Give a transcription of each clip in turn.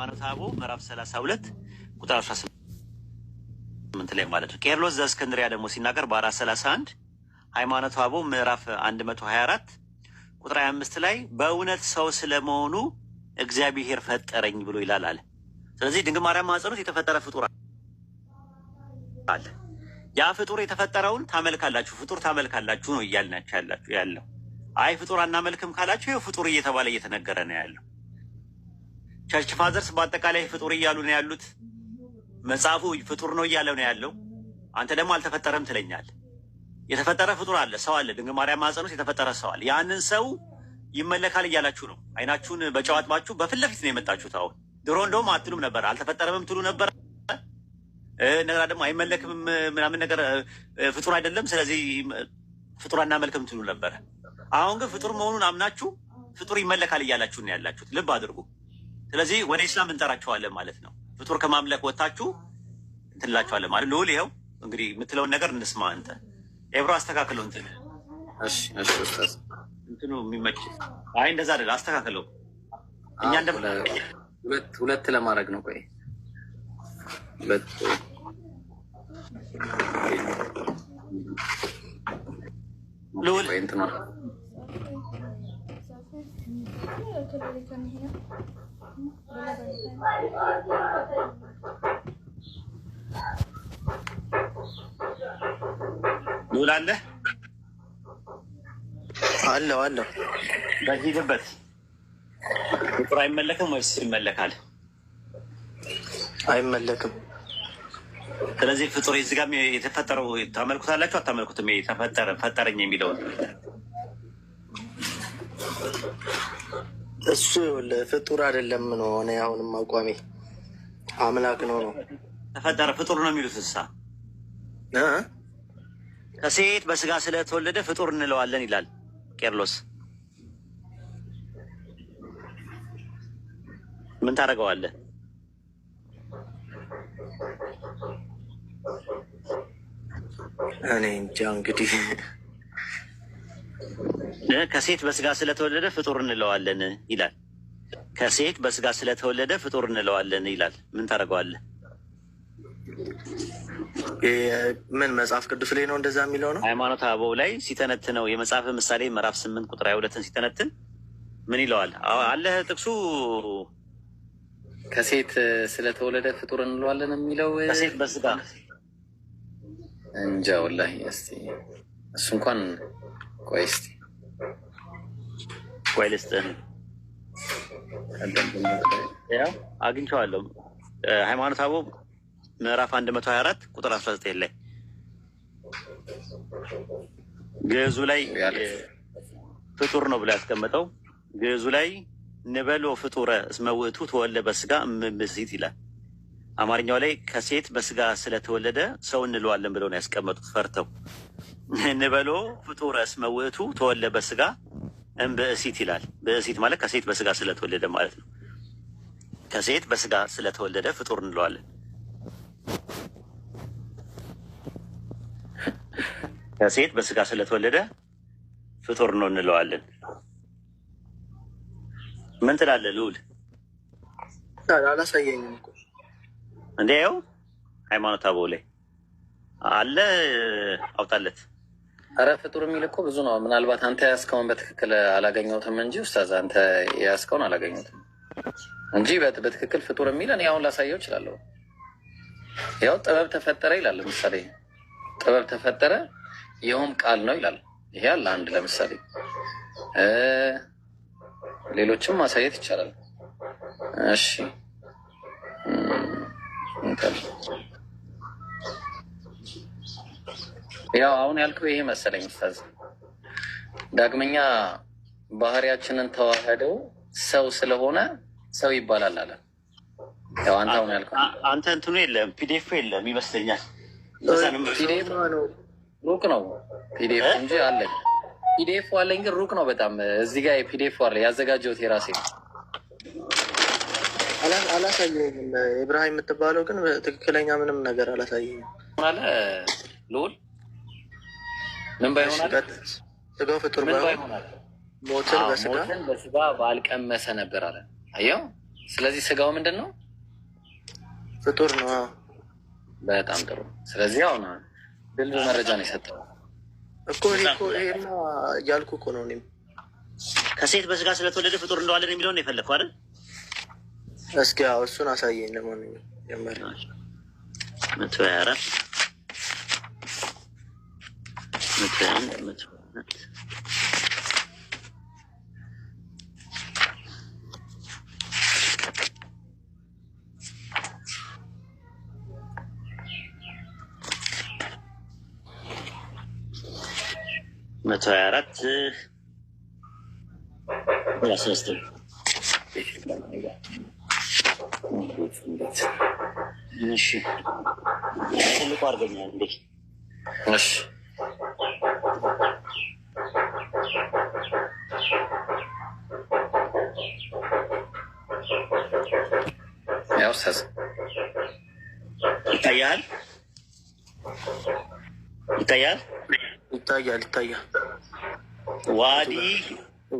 ሃይማኖተ አበው ምዕራፍ 32 ቁጥር 18 ላይ ማለት ነው። ቄርሎስ ዘእስክንድርያ ደግሞ ሲናገር በ431 ሃይማኖተ አበው ምዕራፍ 124 ቁጥር 25 ላይ በእውነት ሰው ስለመሆኑ እግዚአብሔር ፈጠረኝ ብሎ ይላል አለ። ስለዚህ ድንግል ማርያም ማኅፀን የተፈጠረ ፍጡር አለ። ያ ፍጡር የተፈጠረውን ታመልካላችሁ፣ ፍጡር ታመልካላችሁ ነው እያልናቸው ያላችሁ ያለው። አይ ፍጡር አናመልክም ካላችሁ ይኸው ፍጡር እየተባለ እየተነገረ ነው ያለው። ቸርች ፋዘርስ በአጠቃላይ ፍጡር እያሉ ነው ያሉት። መጽሐፉ ፍጡር ነው እያለ ነው ያለው። አንተ ደግሞ አልተፈጠረም ትለኛል። የተፈጠረ ፍጡር አለ፣ ሰው አለ። ድንግል ማርያም ማህፀን ውስጥ የተፈጠረ ሰው አለ። ያንን ሰው ይመለካል እያላችሁ ነው። አይናችሁን በጨዋጥባችሁ አጥባችሁ በፊት ለፊት ነው የመጣችሁት። አሁን ድሮ እንደውም አትሉም ነበር፣ አልተፈጠረምም ትሉ ነበር። እንደገና ደግሞ አይመለክም ምናምን ነገር ፍጡር አይደለም፣ ስለዚህ ፍጡር አናመልክም ትሉ ነበር። አሁን ግን ፍጡር መሆኑን አምናችሁ ፍጡር ይመለካል እያላችሁ ነው ያላችሁት። ልብ አድርጉ። ስለዚህ ወደ ኢስላም እንጠራችኋለን ማለት ነው። ፍጡር ከማምለክ ወጥታችሁ እንትንላችኋለን ማለት ልውል። ይኸው እንግዲህ የምትለውን ነገር እንስማ። አንተ ኤብሮ አስተካክለው እንትን እንትኑ የሚመች አይ፣ እንደዛ አይደል አስተካክለው። እኛ እንደ ሁለት ለማድረግ ነው። ቆይ ሁለት ልውል እንትኗል ሉል አለ አለው አለው። በሂድበት ቁጥር አይመለክም ወይስ ይመለካል? አይመለክም። ስለዚህ ፍጡር እዚህ ጋር የተፈጠረው ታመልኩታላችሁ አታመልኩትም? የተፈጠረ ፈጠረኝ የሚለውን እሱ ፍጡር አይደለም ነው። እኔ አሁንም አቋሜ አምላክ ነው ነው ተፈጠረ ፍጡር ነው የሚሉት እንስሳ ከሴት በስጋ ስለተወለደ ፍጡር እንለዋለን ይላል ቄርሎስ። ምን ታደርገዋለህ? እኔ እንጃ እንግዲህ ከሴት በስጋ ስለተወለደ ፍጡር እንለዋለን ይላል። ከሴት በስጋ ስለተወለደ ፍጡር እንለዋለን ይላል። ምን ታደርገዋለህ? ምን መጽሐፍ ቅዱስ ላይ ነው እንደዛ የሚለው ነው? ሃይማኖት አበው ላይ ሲተነትነው የመጽሐፍ ምሳሌ ምዕራፍ ስምንት ቁጥር ሃያ ሁለትን ሲተነትን ምን ይለዋል? አለ ጥቅሱ ከሴት ስለተወለደ ፍጡር እንለዋለን የሚለው ከሴት በስጋ እንጃ ወላሂ። እሱ እንኳን ቆይ እስኪ ቆይ ልስጥህ አግኝቼዋለሁ። ሃይማኖት አበው ምዕራፍ 124 ቁጥር 19 ላይ ግዕዙ ላይ ፍጡር ነው ብሎ ያስቀመጠው ግዕዙ ላይ ንበሎ ፍጡረ እስመ ውእቱ ተወልደ በስጋ እምብእሲት ይላል። አማርኛው ላይ ከሴት በስጋ ስለተወለደ ሰው እንለዋለን ብለው ነው ያስቀመጡት ፈርተው ንበሎ ፍጡር እስመ ውእቱ ተወልደ በስጋ እምብእሲት ይላል። ብእሲት ማለት ከሴት በስጋ ስለተወለደ ማለት ነው። ከሴት በስጋ ስለተወለደ ፍጡር እንለዋለን። ከሴት በስጋ ስለተወለደ ፍጡር ነው እንለዋለን። ምን ትላለህ ልዑል? አላሳየኝም እኮ እንዲያው ሃይማኖት አበው ላይ አለ አውጣለት አረ ፍጡር የሚል እኮ ብዙ ነው። ምናልባት አንተ ያስከውን በትክክል አላገኘሁትም እንጂ ኡስታዝ አንተ ያስከውን አላገኘሁትም እንጂ በትክክል ፍጡር የሚል እኔ አሁን ላሳየው እችላለሁ። ያው ጥበብ ተፈጠረ ይላል። ለምሳሌ ጥበብ ተፈጠረ ይኸውም ቃል ነው ይላል። ይሄ አለ አንድ ለምሳሌ ሌሎችም ማሳየት ይቻላል። እሺ ያው አሁን ያልከው ይሄ መሰለኝ ስታዝ ዳግመኛ ባህሪያችንን ተዋህደው ሰው ስለሆነ ሰው ይባላል አለ። አንተ አሁን ያልከው አንተ እንትኑ የለም ፒዲኤፍ የለም ይመስለኛል። ሩቅ ነው ፒዲኤፍ እንጂ አለ። ፒዲኤፍ አለኝ ግን ሩቅ ነው በጣም። እዚህ ጋር የፒዲኤፍ አለ ያዘጋጀሁት የራሴ አላሳየኝም። ኢብራሂም የምትባለው ግን ትክክለኛ ምንም ነገር አላሳየኝም። ልውል ምን ባይሆናል ስጋ ፍጡር ባይሆናል ሞትን በስጋ ባልቀመሰ ነበር አለ። አየው። ስለዚህ ስጋው ምንድን ነው? ፍጡር ነው። በጣም ጥሩ። ስለዚህ ያው ድል መረጃ ነው የሰጠው እኮ ይሄማ ያልኩ እኮ ነው። እኔም ከሴት በስጋ ስለተወለደ ፍጡር እንደዋለን የሚለውን ነው የፈለግኩ አይደል? እስኪ እሱን አሳየኝ። ለማንኛውም ጀመር መቶ ሀያ መቶ አንድ መቶ ሁለት መቶ ሀያ አራት ሶስት ትልቁ አድርገኛል እንዴ? ያው ኡስታዝ ይታያል፣ ይታያል፣ ይታያል፣ ይታያል። ዋዲ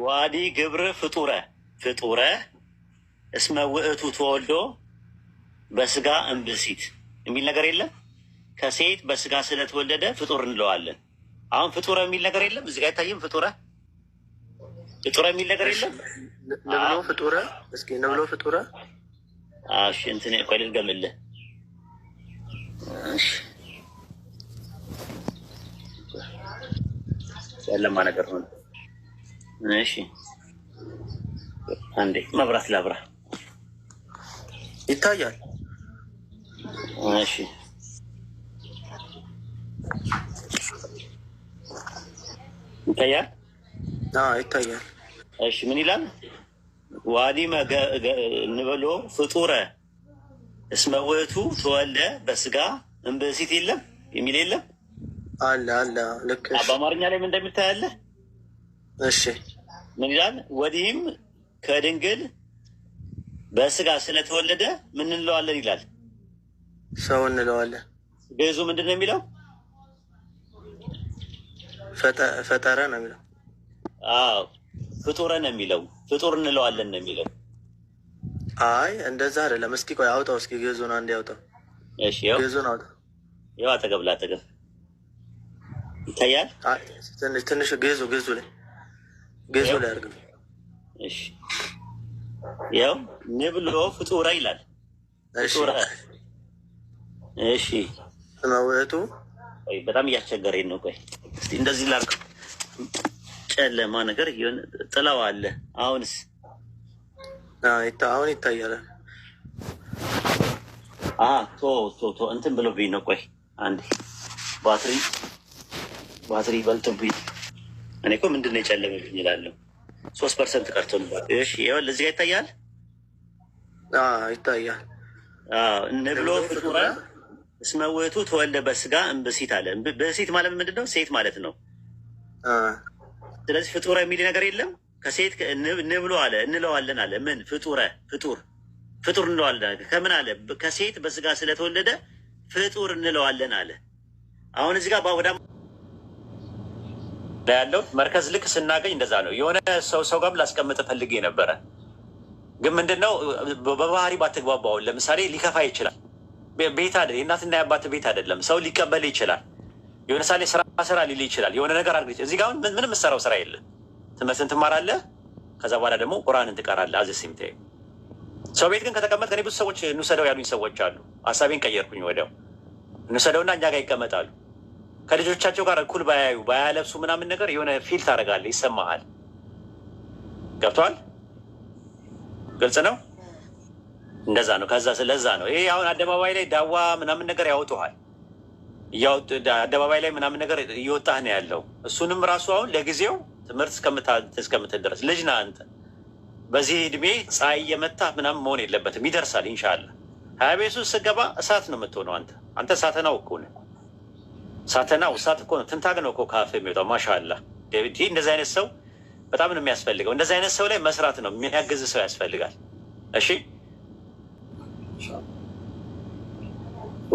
ዋዲ ግብር ፍጡረ ፍጡረ እስመ ውእቱ ተወልዶ በስጋ እምብእሲት የሚል ነገር የለም። ከሴት በስጋ ስለተወለደ ፍጡር እንለዋለን። አሁን ፍጡረ የሚል ነገር የለም። እዚህ ጋ አይታይም። ፍጡረ ፍጡረ የሚል ነገር የለም። ንብሎ ፍጡረ እስኪ ንብሎ ፍጡረ እሺ እንትን ቆይ ልድገምልህ። እሺ ያለማ ነገር ሆነ እሺ አንዴ መብራት ላብራ፣ ይታያል። እሺ ይታያል፣ ይታያል። እሺ ምን ይላል? ዋሊመ እንበሎ ፍጡረ እስመ ውእቱ ተወልደ በስጋ እምብእሲት የለም የሚል የለም አለ አለ። ልክ በአማርኛ ላይ እንደሚታያለ? እሺ ምን ይላል? ወዲህም ከድንግል በስጋ ስለተወለደ ምን እንለዋለን ይላል? ሰው እንለዋለን። ገዙ ምንድን ነው የሚለው? ፈጠረ ነው የሚለው። አዎ ፍጡር ነው የሚለው ፍጡር እንለዋለን ነው የሚለው። አይ እንደዛ አይደለም። እስኪ ቆይ አውጣው፣ እስኪ ግዕዙን አንድ ያውጣው እሺ ግዕዙን አውጣ። ያው አጠገብ ላጠገብ ይታያል። ትንሽ ትንሽ ግዕዙ ግዕዙ ላይ ግዕዙ ላይ አድርገው። እሺ ያው ንብሎ ፍጡረ ይላል። ፍጡረ እሺ መውእቱ በጣም እያስቸገረኝ ነው። ቆይ እንደዚህ ላድርገው ጨለማ ነገር ጥለው አለ። አሁንስ አሁን ይታያል። ቶ ቶ ቶ እንትን ብሎብኝ ነው። ቆይ አንዴ ባትሪ ባትሪ በልቶብኝ እኔ እኮ ምንድን ነው የጨለመብኝ እላለሁ። ሶስት ፐርሰንት ቀርቶ ይኸውልህ፣ እዚህ ጋር ይታያል ይታያል። ንብሎ ፍጡረ እስመ ውእቱ ተወልደ በስጋ እምብእሲት አለ። ብእሲት ማለት ምንድን ነው? ሴት ማለት ነው። ስለዚህ ፍጡረ የሚል ነገር የለም። ከሴት እንብሎ አለ እንለዋለን አለ ምን ፍጡረ ፍጡር ፍጡር እንለዋለን ከምን አለ ከሴት በስጋ ስለተወለደ ፍጡር እንለዋለን አለ። አሁን እዚህ ጋር ወዳ ያለው መርከዝ ልክ ስናገኝ እንደዛ ነው። የሆነ ሰው ሰው ጋርም ላስቀምጥ ፈልጌ ነበረ፣ ግን ምንድነው በባህሪ ባትግባባውን ለምሳሌ ሊከፋ ይችላል። ቤት አይደል የእናትና የአባት ቤት አይደለም። ሰው ሊቀበል ይችላል የሆነ ሳሌ ስራ ስራ ሊል ይችላል። የሆነ ነገር አድርግ። እዚህ አሁን ምንም የምትሰራው ስራ የለ። ትምህርትን ትማራለህ። ከዛ በኋላ ደግሞ ቁርአንን ትቀራለህ። አዘሴም ታይ ሰው ቤት ግን ከተቀመጥ ከኔ ብዙ ሰዎች እንውሰደው ያሉኝ ሰዎች አሉ። ሀሳቤን ቀየርኩኝ። ወደው እንውሰደውና እኛ ጋር ይቀመጣሉ። ከልጆቻቸው ጋር እኩል ባያዩ ባያለብሱ ምናምን ነገር የሆነ ፊል ታደርጋለህ፣ ይሰማሃል። ገብቷል? ግልጽ ነው። እንደዛ ነው። ከዛ ስለዛ ነው ይሄ አሁን አደባባይ ላይ ዳዋ ምናምን ነገር ያውጡሃል። አደባባይ ላይ ምናምን ነገር እየወጣህ ነው ያለው። እሱንም ራሱ አሁን ለጊዜው ትምህርት እስከምትል ድረስ ልጅ ነህ አንተ። በዚህ እድሜ ፀሐይ እየመታህ ምናምን መሆን የለበትም። ይደርሳል ኢንሻላ። ሀያ ቤት ውስጥ ስገባ እሳት ነው የምትሆነው አንተ አንተ ሳተናው እኮ ነህ። ሳተናው እሳት እኮ ነው። ትንታግ ነው እኮ ካፌ የሚወጣው ማሻላ። ይህ እንደዚህ አይነት ሰው በጣም ነው የሚያስፈልገው። እንደዚህ አይነት ሰው ላይ መስራት ነው የሚያግዝ ሰው ያስፈልጋል። እሺ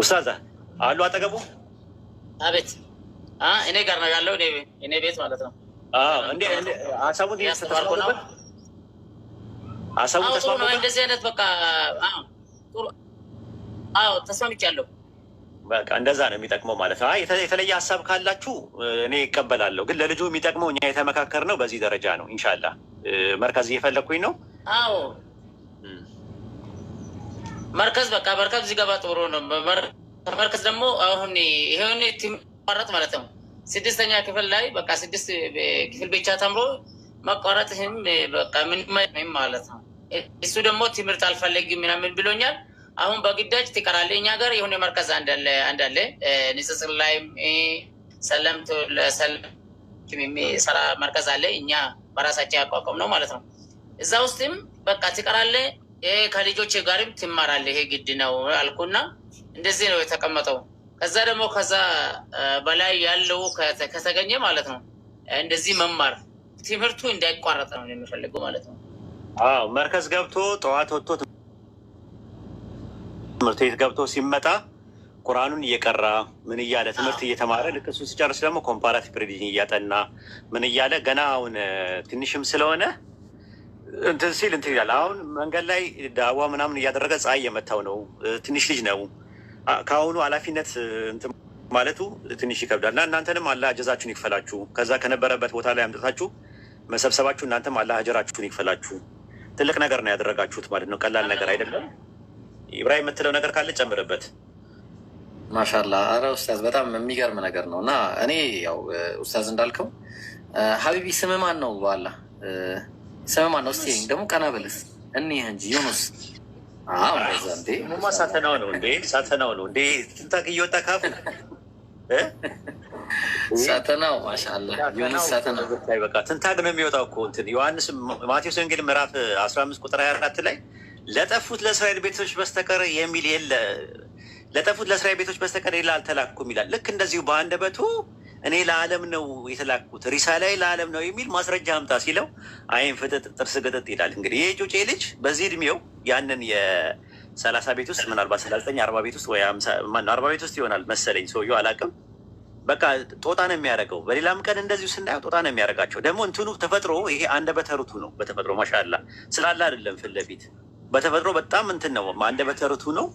ውሳዛ አሉ አጠገቡ አቤት እኔ ጋር ነው ያለው፣ እኔ ቤት ማለት ነው። ሀሳቡን እንደዚህ አይነት በቃ አዎ ተስማምቻለሁ። በቃ እንደዛ ነው የሚጠቅመው ማለት ነው። የተለየ ሀሳብ ካላችሁ እኔ ይቀበላለሁ፣ ግን ለልጁ የሚጠቅመው እኛ የተመካከር ነው በዚህ ደረጃ ነው። እንሻላ መርከዝ እየፈለግኩኝ ነው። አዎ መርከዝ በቃ መርከዝ እዚህ ጥሩ ነው። ተመርከስ ደግሞ አሁን ይሄን ትመረጥ ማለት ነው። ስድስተኛ ክፍል ላይ በቃ ስድስት ክፍል ብቻ ተምሮ መቋረጥህም በቃ ምንም ማለት ነው። እሱ ደግሞ ትምህርት አልፈለግም ምናምን ብሎኛል። አሁን በግዳጅ ትቀራለህ። እኛ ጋር የሆነ መርከዝ አንዳለ ንጽጽር ላይም ሰለምቶ የሚሰራ መርከዝ አለ። እኛ በራሳቸው ያቋቋም ነው ማለት ነው። እዛ ውስጥም በቃ ትቀራለህ፣ ከልጆች ጋርም ትማራለህ። ይሄ ግድ ነው አልኩና እንደዚህ ነው የተቀመጠው። ከዛ ደግሞ ከዛ በላይ ያለው ከተገኘ ማለት ነው እንደዚህ መማር ትምህርቱ እንዳይቋረጥ ነው የሚፈልገው ማለት ነው። አዎ መርከዝ ገብቶ ጠዋት ወጥቶ ትምህርት ቤት ገብቶ ሲመጣ ቁርአኑን እየቀራ ምን እያለ ትምህርት እየተማረ ልክ እሱ ሲጨርስ ደግሞ ኮምፓራቲቭ ሪሊጅን እያጠና ምን እያለ ገና አሁን ትንሽም ስለሆነ እንትን ሲል እንትን ይላል። አሁን መንገድ ላይ ዳዋ ምናምን እያደረገ ፀሐይ እየመታው ነው። ትንሽ ልጅ ነው። ከአሁኑ ኃላፊነት ማለቱ ትንሽ ይከብዳል እና እናንተንም አላህ ጀዛችሁን ይክፈላችሁ። ከዛ ከነበረበት ቦታ ላይ አምጥታችሁ መሰብሰባችሁ እናንተም አላህ ሀጀራችሁን ይክፈላችሁ። ትልቅ ነገር ነው ያደረጋችሁት ማለት ነው። ቀላል ነገር አይደለም። ኢብራሂም የምትለው ነገር ካለ ጨምርበት። ማሻላ አረ ኡስታዝ በጣም የሚገርም ነገር ነው እና እኔ ያው ኡስታዝ እንዳልከው ሀቢቢ ስም ማን ነው? በኋላ ስም ማን ነው? እስኪ ደግሞ ቀና በልስ እኒህ እንጂ ዩኑስ ማ ሳተናው ነው እንዴ? ሳተናው ነው እንዴ? እየወጣ ሳተናው በቃ ነው የሚወጣው እኮ እንትን ዮሐንስ ማቴዎስ ወንጌል ምዕራፍ አስራ አምስት ቁጥር ሀያ አራት ላይ ለጠፉት ለእስራኤል ቤቶች በስተቀር የሚል የለ ለጠፉት ለእስራኤል ቤቶች በስተቀር ሌላ አልተላኩም ይላል። ልክ እንደዚሁ በአንደበቱ እኔ ለዓለም ነው የተላኩት ሪሳ ላይ ለዓለም ነው የሚል ማስረጃ አምጣ ሲለው አይን ፍጥጥ ጥርስ ግጥጥ ይላል። እንግዲህ ይህ ጩጬ ልጅ በዚህ እድሜው ያንን ሰላሳ ቤት ውስጥ ምናልባት ሰላሳ ዘጠኝ አርባ ቤት ውስጥ ወይ አርባ ቤት ውስጥ ይሆናል መሰለኝ ሰውየው አላውቅም። በቃ ጦጣ ነው የሚያደርገው። በሌላም ቀን እንደዚሁ ስናየው ጦጣ ነው የሚያደርጋቸው። ደግሞ እንትኑ ተፈጥሮ ይሄ አንደበተ ርቱዕ ነው። በተፈጥሮ ማሻላ ስላለ አይደለም ፊት ለፊት በተፈጥሮ በጣም እንትን ነው፣ አንደበተ ርቱዕ ነው።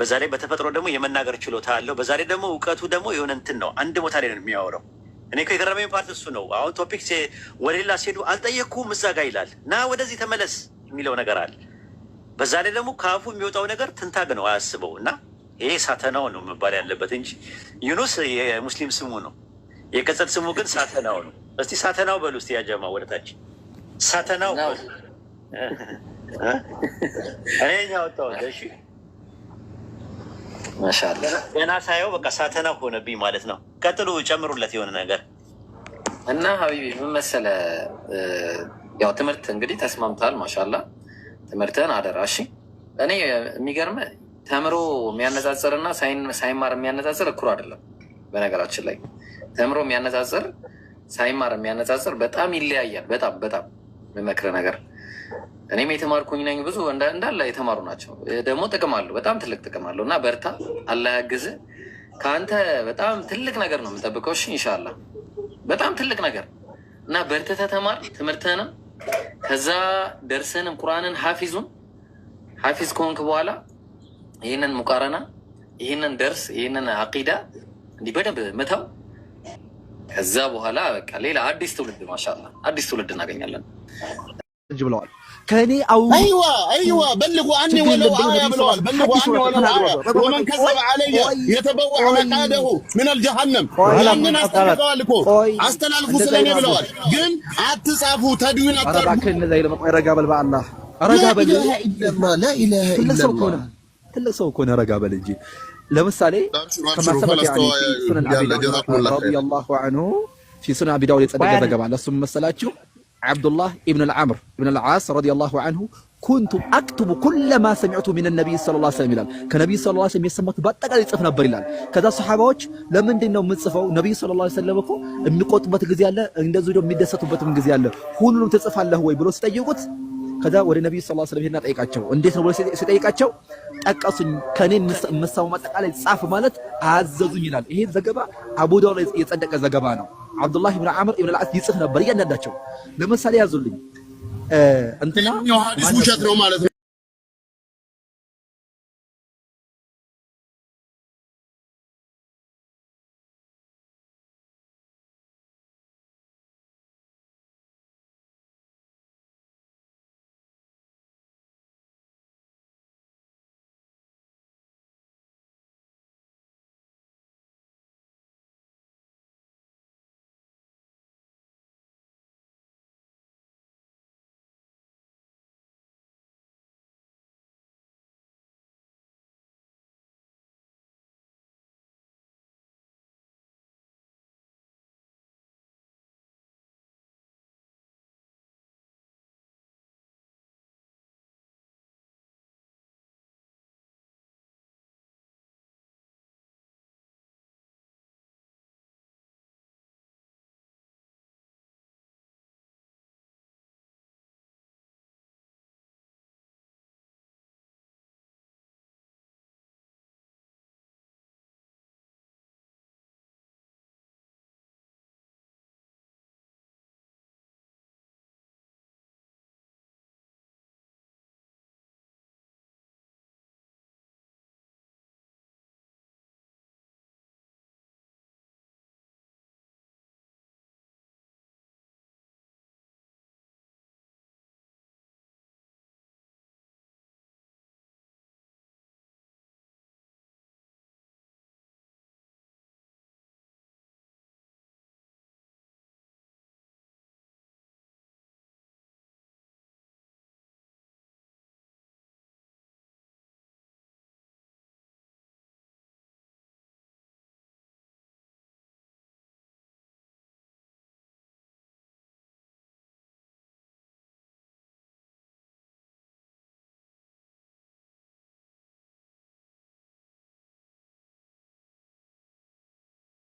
በዛ ላይ በተፈጥሮ ደግሞ የመናገር ችሎታ አለው። በዛ ላይ ደግሞ እውቀቱ ደግሞ የሆነ እንትን ነው። አንድ ቦታ ላይ ነው የሚያወራው። እኔ እኮ የገረመኝ ፓርት እሱ ነው። አሁን ቶፒክ ወደሌላ ሲሄዱ አልጠየቅኩም እዛ ጋ ይላል፣ ና ወደዚህ ተመለስ የሚለው ነገር አለ በዛ ላይ ደግሞ ከአፉ የሚወጣው ነገር ትንታግ ነው፣ አያስበው እና ይሄ ሳተናው ነው መባል ያለበት እንጂ ዩኑስ የሙስሊም ስሙ ነው፣ የቅጽል ስሙ ግን ሳተናው ነው። እስቲ ሳተናው በሉ እስቲ ያጀማ ወደታች ሳተናው እኔኛ ወጣሁት። ገና ሳየው በቃ ሳተና ሆነብኝ ማለት ነው። ቀጥሉ፣ ጨምሩለት የሆነ ነገር እና ሀቢቢ ምን መሰለ ያው ትምህርት እንግዲህ ተስማምታል ማሻላ ትምህርትን አደራ። እሺ እኔ የሚገርም ተምሮ የሚያነጻጽር እና ሳይማር የሚያነጻጽር እኩሩ አይደለም። በነገራችን ላይ ተምሮ የሚያነጻጽር ሳይማር የሚያነጻጽር በጣም ይለያያል። በጣም በጣም የምመክርህ ነገር እኔም የተማርኩኝ ነኝ። ብዙ እንዳለ የተማሩ ናቸው። ደግሞ ጥቅም አለው፣ በጣም ትልቅ ጥቅም አለው እና በርታ፣ አላያግዝ ከአንተ በጣም ትልቅ ነገር ነው የምንጠብቀው። እሺ ኢንሻላህ፣ በጣም ትልቅ ነገር እና በርትተህ ተማር ትምህርትህንም ከዛ ደርሰንም ቁርአንን ሀፊዙን ሀፊዝ ከሆንክ በኋላ ይህንን ሙቃረና ይህንን ደርስ ይህንን አቂዳ እንዲህ በደንብ ምታው። ከዛ በኋላ በቃ ሌላ አዲስ ትውልድ ማሻላ አዲስ ትውልድ እናገኛለን ብለዋል። ከእኔ አው አይዋ አይዋ በልጉ አኒ ወለው አያ ብለዋል። በልጉ አኒ ወለው አያ ወመን ከዘበ አለየ የተበወዐ መቃደሁ ምን አልጀሃነም። ያንን አስተላልፈዋል እኮ አስተላልፉ ስለኔ ብለዋል። ግን አትጻፉ ተድዊን አታርጉ። እባክህ እንደዛ ይለመቁ ረጋ በል በአላህ ረጋ በል። ላኢላሃ ኢላላ ትልቅ ሰው ከሆነ ረጋ በል እንጂ ለምሳሌ ከማሰበት ያለ ረዲየላሁ ዐንሁ ፊ ሱነን አቢ ዳውድ የጸደቀ ዘገባ ለሱም መሰላችሁ አብዱላህ ኢብን ልዓምር ኢብን ልዓስ ረዲየላሁ አንሁ ኩንቱ አክቱቡ ኩለማ ሰሚዕቱ ሚን ነቢይ ሰለላሁ ዐለይሂ ወሰለም ይላል። ከነቢይ ሰለላሁ ዐለይሂ ወሰለም የሰማሁት በአጠቃላይ ጽፍ ነበር ይላል። ከዛ ሰሐባዎች ለምንድን ነው የምጽፈው? ነቢይ ሰለላሁ ዐለይሂ ወሰለም እኮ የሚቆጡበት ጊዜ አለ፣ እንደዚሁ ደግሞ የሚደሰቱበትም ጊዜ አለ። ሁሉንም ትጽፋለህ ወይ ብሎ ሲጠይቁት ከዛ ወደ ነቢዩ ሰለላሁ ዐለይሂ ሄድና ጠይቃቸው፣ እንዴት ነው ብሎ ሲጠይቃቸው ጠቀሱኝ፣ ከኔ የምሰማው አጠቃላይ ጻፍ ማለት አዘዙኝ ይላል። ይሄ ዘገባ አቡ ዳውድ የጸደቀ ዘገባ ነው። አብዱላህ ብን አምር ብን ልዓስ ይጽፍ ነበር። እያንዳንዳቸው ለምሳሌ ያዙልኝ እንትና ውሸት ነው ማለት ነው።